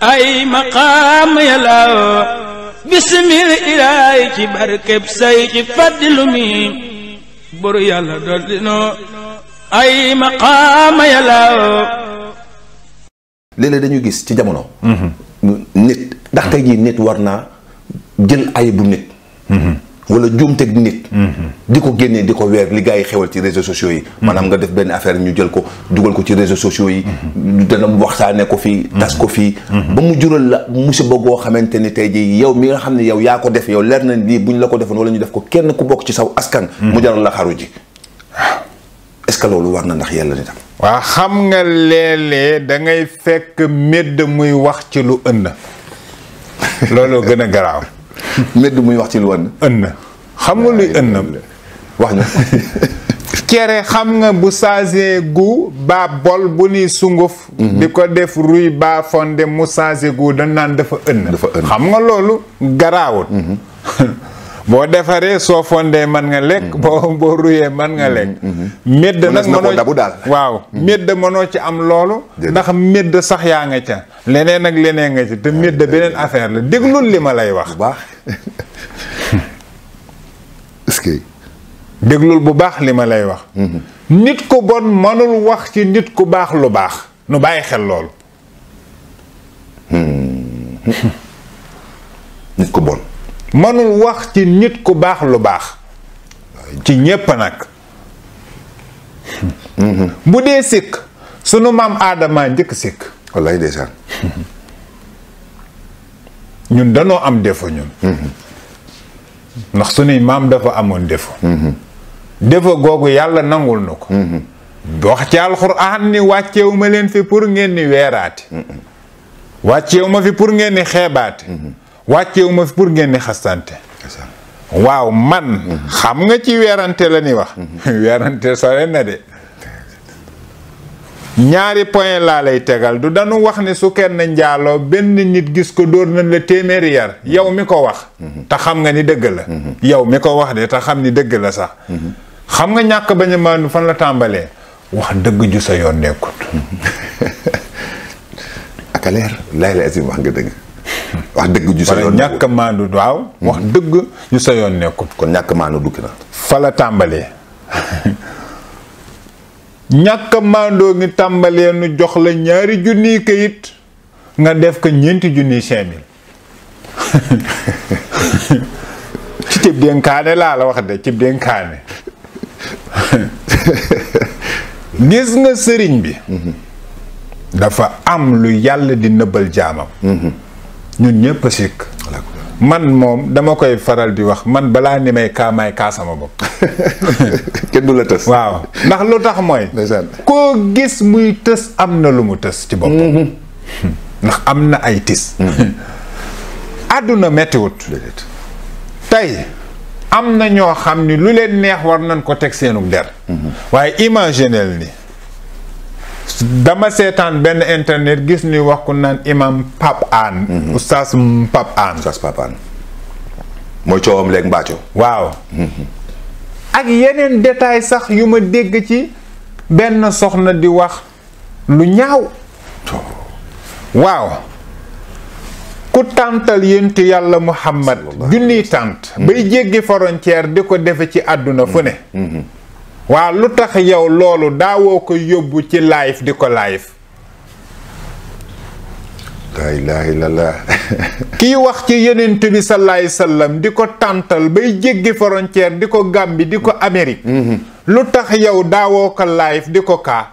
ay maqaam yàllaaw bisimil ilaay ci barkeb say ci faddilu mi yàlla dool dinoo ay maqaam yàllaaw léeg-léeg dañu gis ci jamono mm-hmm. nit ndax tey jii nit war naa jël ay bu nit mm-hmm. wala juumteg nit. Mhm. di ko génnee di ko weer li gars yi xewal ci réseaux sociaux yi. Mhm. maanaam nga def benn affaire ñu jël ko dugal ko ci réseaux sociaux yi. Mhm. dana waxtaane ko fii. tas ko fii. ba mu jural la musiba goo xamante ni tey jii yow mi nga xam ne yow yaa ko def yow leer na lii buñ la ko defoon wala ñu def ko kenn ku bokk ci saw askan. mu jaral la xaru ji. est-ce loolu war na ndax yàlla ni tam. waa xam nga léeg-léeg da ngay fekk mbedd muy wax ci lu ënd. looloo gën a garaaw. medd muy wax ci lu wan. ënn xam nga luy ënn. wax ñu. cere xam nga bu changé gu baa bol bu nuy sunguf. Mhm. di ko def ruy baa fonde mu changé gu da naan dafa ënn. dafa ënn xam nga loolu garaawut. Mhm. boo defaree soo fondee man nga lekk mm-hmm. boo boo ruyee man nga lekk médd mm-hmm. mm-hmm. nag mënoo dabu daal waaw médd mënoo ci am loolu ndax medd sax yaa nga ca leneen ak leneen nga ci te ah, médd beneen affaire la déglul li ma lay wax baax est-ce que bu baax li ma lay wax nit ku bon mënul wax ci nit ku baax lu baax nu bàyyi xel loolu hmm. nit ku bon mënul wax ci nit ku baax lu baax ci ñépp nag bu dee sikk sunu maam aadama njëkk sikk wallaay ndeysaan ñun danoo am defo ñun mhm. ndax sunuy maam dafa amoon defo mhm. defo googu yàlla nangul nu ko mhm. wax ci alxuraan ni wàcceewu ma leen fi pour ngeen ni weeraati wàcceewu ma fi pour ngeen ni xeebaati wàccewu ma fi pour génne xastante waaw man xam nga ci weerante la ñuy wax weerante sore na de ñaari point laa lay tegal du danu wax ne su kenn njaaloo benn nit gis ko dóor nañ la téeméeri yar yow mi ko wax te xam nga ni dëgg la yow mi ko wax de te xam ni dëgg la sax xam nga ñàkk bañ a fan la tàmbalee wax dëgg ju sa yoon nekkut ak leer la asi wax nga dëgg wax dëgg ju hmm. sa yoon ñàkk a maandu waaw wax kon ñàkk maandu dukki na fa la tàmbalee ñàkk a ngi tàmbalee nu jox la ñaari junniy kayit nga def ko ñeenti junniy cinq mille ci cib dénkaane laa la wax de cib dénkaane gis nga sëriñ bi hmm. dafa am lu yàlla di nëbbal jaamam hmm. ñun ñëpp a sikk man moom dama koy faral di wax man balaa ni may kaa may kaa sama bopp kenn du la tës waaw ndax lu tax mooy koo gis muy tës am na lu mu tës ci boppam mm-hmm. ndax am na ay tis mm-hmm. àdduna mettiwut tey am na ñoo xam ni lu leen neex war nañ ko teg seenu der mm-hmm. waaye imagineel ni dama seetaan benn internet gis ni wax ku naan imam Pape Hann mhm. oustaz Pape Hann mooy coowam léegi mbaaco waaw mhm. ak yeneen détail sax yu ma dégg ci benn soxna di wax lu ñaaw waaw ku tàntal yéntu yàlla Muhammad junniy tànt bay jéggi frontière di ko defe ci àdduna fu ne mhm. waa lu tax yow loolu daawoo ko yóbbu ci live di ko live laa ilaaha illallah kiy wax ci yonent bi sallallahu alayhi di ko tàntal bay jéggi frontière di ko Gàmbi di ko Amérique mhm. lu tax yow daawoo ko live di ko kaa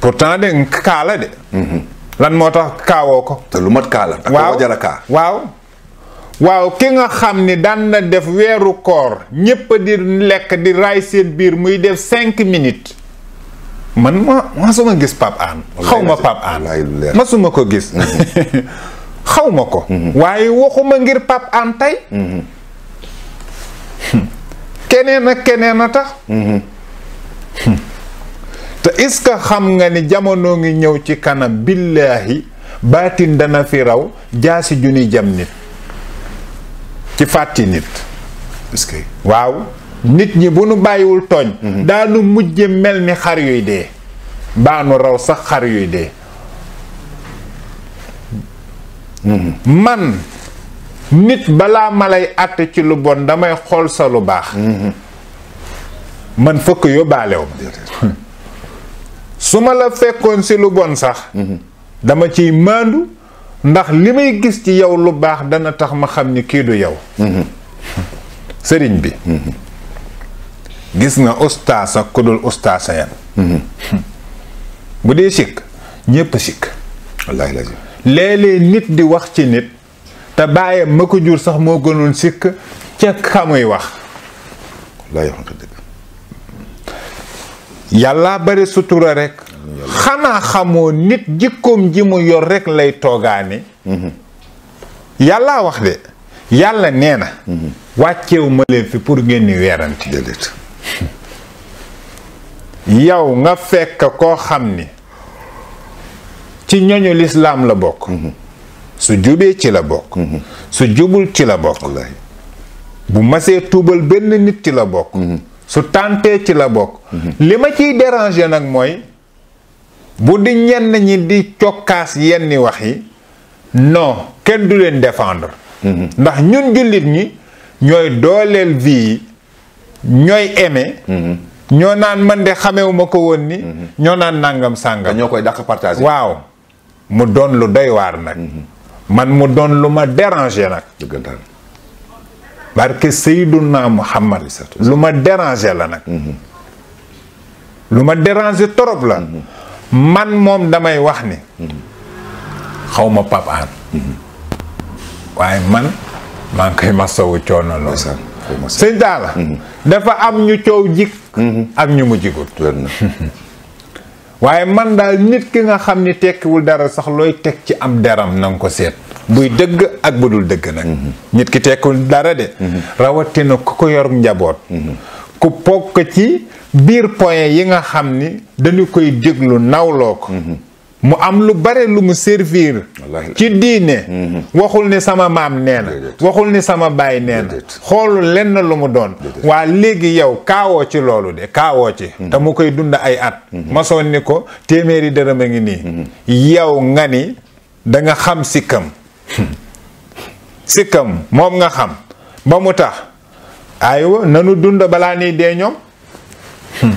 pourtant de kaa la de mhm. lan moo tax kaawoo ko te lu mat kaa la waaw jara kaa waaw waaw ki nga xam ni daan na def weeru koor ñépp di lekk di raay seen biir muy def cinq minutes man ma masuma gis Pape xaw ma Pape Hann masuma ko gis mhm. xaw ma ko mhm. waaye waxuma ngir Pape Hann tey mhm. keneen ak keneen a tax te est-ce que xam nga ni jamonoo ngi ñëw ci kanam billaahi baatin dana fi raw jaasi ju ni jam nit ci fàtti nit waaw nit ñi bu nu bàyyiwul tooñ mhm. daanu mujje mel ni xar yuy dee baanu raw sax xar yuy dee mhm. man nit balaa malay lay ci lu bon damay xool sa lu baax mhm. man fëkk yóbbaalew su ma la fekkoon si lu bon sax dama ciy maandu ndax li may gis ci yow lu baax dana tax ma xam ni kii du yow mhm. sëriñ bi mhm. gis nga ustaasa ku dul ustaasa yan mhm. bu dee sikk ñépp sikk wallaahi nit di wax ci nit te bàyyam ma ko jur sax moo gënoon sikk ca xamuy wax wallaahi yàlla bari sutura rek xanaa xamoo nit jikkoom ji mu yor rekk lay toogaane yàlla wax de yàlla nee na wàcceew ma leen fi pour ngeen ci weerante yow nga fekk koo xam ni ci ñoñu lislaam la bokk su jubee ci la bokk su jubul ci la bokk bu masee tuubal benn nit ci la bokk mm-hmm. su tàmpee ci la bokk mm-hmm. li ma ciy déranger nag mooy bu di ñenn ñi di cokkaas yenni wax yi no kenn du leen défendre mm-hmm. ndax ñun jullit ñi ñooy dooleel vie yi ñooy aimé mm-hmm. ñoo naan man de xamewuma ko woon ni mm-hmm. ñoo naan nàngam sàngam ñoo koy dàq waaw mu doon lu doy waar nag man mu doon lu ma dérangé nag barke Seyduna Muhammad lu ma dérangé la nag lu ma dérangé torop la man moom damay wax ni xaw ma Pape waaye man maa ngi koy masawu coono lool sëñ Talla mm-hmm. dafa am ñu coow jik mm-hmm. ak ñu mu jigut waaye man daal nit ki nga xam ni tekkiwul dara sax looy teg ci am deram na ko seet buy dëgg ak bu dul dëgg nag mm-hmm. nit ki tekkiwul dara de rawatina ku ko yor njaboot ku pokk ci biir point yi nga xam ni dañu koy déglu nawloo ko mhm. mu am lu bare lu mu servir ci diine mhm. waxul ni sama maam nee na waxul ni sama baay nee na xoolu lenn lu mu doon waa léegi yow kaawoo ci loolu de kaawoo ci mhm. te mu koy dund ay at masoon ni ko téeméeri dërëm a ngi nii yow nga ni danga xam sikkam sikkam moom nga xam ba mu tax aywa nanu dund balaa nii dee ñoom Hmm.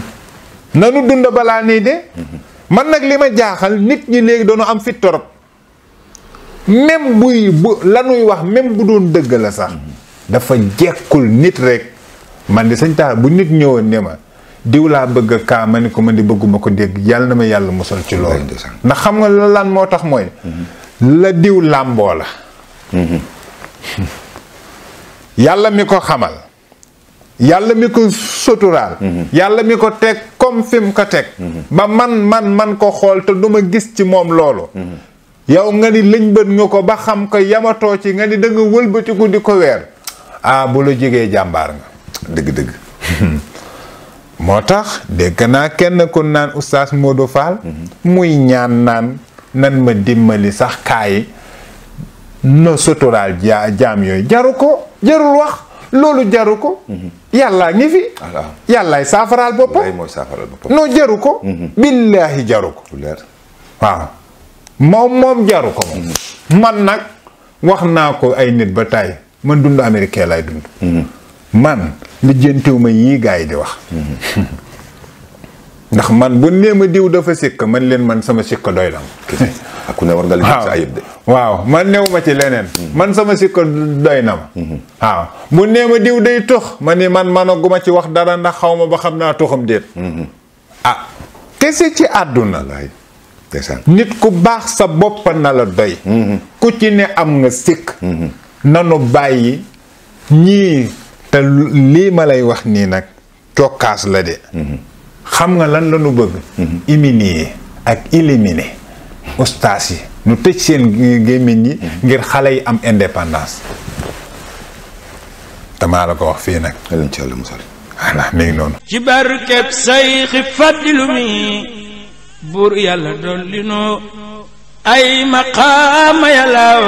nanu dund balaa nii de hmm. man nag li ma jaaxal nit ñi léegi doonu am fit torop même buy bu lanuy wax même bu doon dëgg la sax hmm. dafa jekkul nit rek man di sañ taal bu nit ñëwoon ne ma diw laa bëgg a kaa ma ni ko man ni bëgguma ko dégg yàlla na ma yàlla musal ci loolu ndax xam nga la lan moo tax mooy la diw làmboo la yàlla mi ko xamal yàlla mi ko suturaal mhm. yàlla mi ko teg comme fi mu ko teg mhm. ba man man man ko xool te duma gis ci moom loolu mhm. yow nga ni lëñbët nga ko ba xam ko yamatoo ci nga ni da wëlbatiku di ko weer ah bu la jegee jàmbaar nga dëgg-dëgg moo tax dégg naa kenn ku naan oustaz Modou Fall muy ñaan naan nan ma dimmali sax kaayi na suturaal ja jaam yooyu jaru ko jarul wax loolu jaru ko yàllaa ngi fi. yàllaay saafaraal boppam. wallaay mooy saafaraal boppam. jaru ko. Mm-hmm. billaahi jaru ko. waaw moom moom jaru ko. Mm-hmm. man nag wax naa ko ay nit ba tàyyi man dund américain laay dund. Mm-hmm. man li ma yii gars yi di wax. ndax man bu ma diw dafa sikk man leen man sama sikk doy la ak ku war nga waaw man newuma ci leneen hmm. man sama sikko doy na ma hmm. waaw mu nee ma diw day tux ma ni man managuma ci wax dara ndax xaw ma ba xam naa tuxam déet hmm. ah kese ci àdduna nit ku baax sa bopp na la doy ku ci ne am nga sikk nanu bàyyi ñii te lii ma lay wax nii nag cokkaas la de xam nga lan la ñu bëgg éliminer ak éliminer ustaas yi ñu tëj seen gémmiñ yi ngir xale yi am indépendance damaa la ko wax fii nag lañ ci yàlla musal ngi noonu ci barkeb sayxi faddilu buur yàlla dolli noo ay maqaama yàllaaw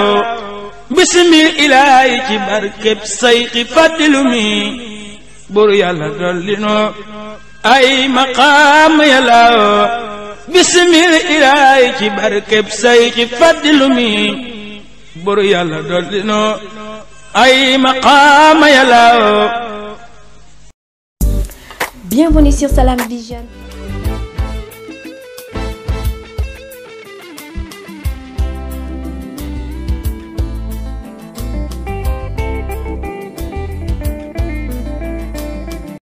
bisimil ilaay barkeb say ci mi buru yàlla doldinoo ay maqaama yàlla Bienvenue